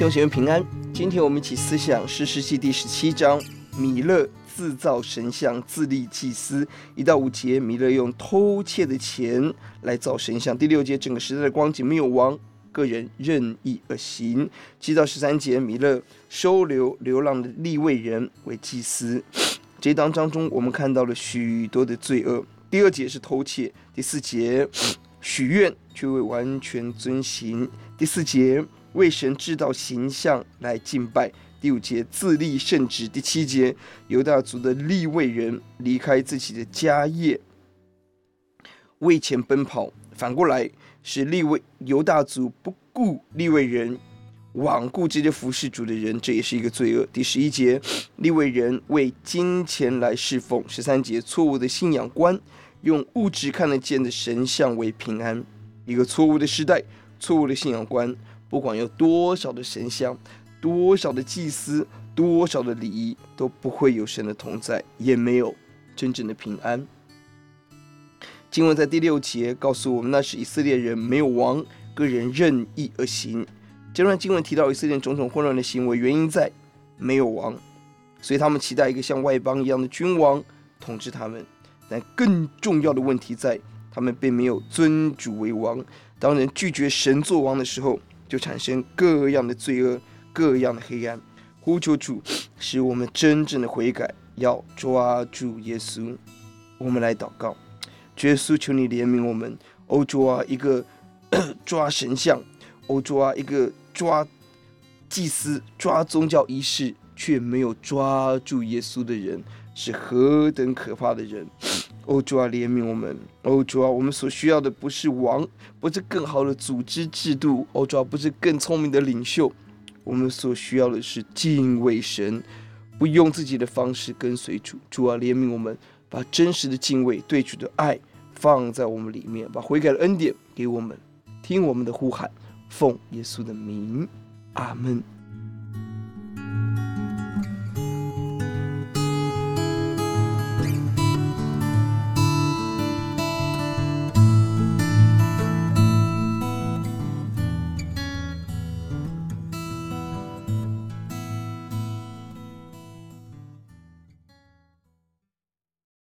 弟兄平安，今天我們一起思想《士師記》第十七章，米勒自造神像，自立祭司一到五節。米勒用偷竊的錢來造神像。第六節，整個時代的光景沒有王，各人任意而行。七到十三節，米勒收留流浪的利未人為祭司。這一章當中，我們看到了許多的罪惡。第二節是偷竊，第四節許願卻未完全遵行，第四節。為神製造形象來敬拜。第五節，自立聖職，第七節猶大族的利未人離開自己的家業，為錢奔跑。反過來是利未猶大族不顧利未人，罔顧這些服侍主的人，這也是一個罪惡。第十一節，利未人為金錢來侍奉。十三節錯誤的信仰觀，用物質看得見的神像為平安，一個錯誤的時代，錯誤的信仰觀。不管有多少的神像，多少的祭司，多少的禮儀，都不會有神的同在，也沒有真正的平安。經文在第六節告訴我們，那時以色列人沒有王，各人任意而行。這段經文提到以色列種種混亂的行為，原因在沒有王，所以他們期待一個像外邦一樣的君王統治他們。但更重要的問題在，他們並沒有尊主為王。當人拒絕神做王的時候，就產生各樣的罪惡，各樣的黑暗。呼求主，使我們真正的悔改，要抓住耶穌。我們來禱告，耶穌，求你憐憫我們。我抓一個抓神像，我抓一個抓祭司、抓宗教儀式，卻沒有抓住耶穌的人。是何等可怕的人！哦，主啊，憐憫我們！哦，主啊，我們所需要的不是王，不是更好的組織制度，哦，主啊，不是更聰明的領袖，我們所需要的，是敬畏神，不用自己的方式跟隨主。主啊，憐憫我們，把真實的敬畏對主的愛放在我們裡面，把悔改的恩典給我們，聽我們的呼喊，奉耶穌的名，阿門。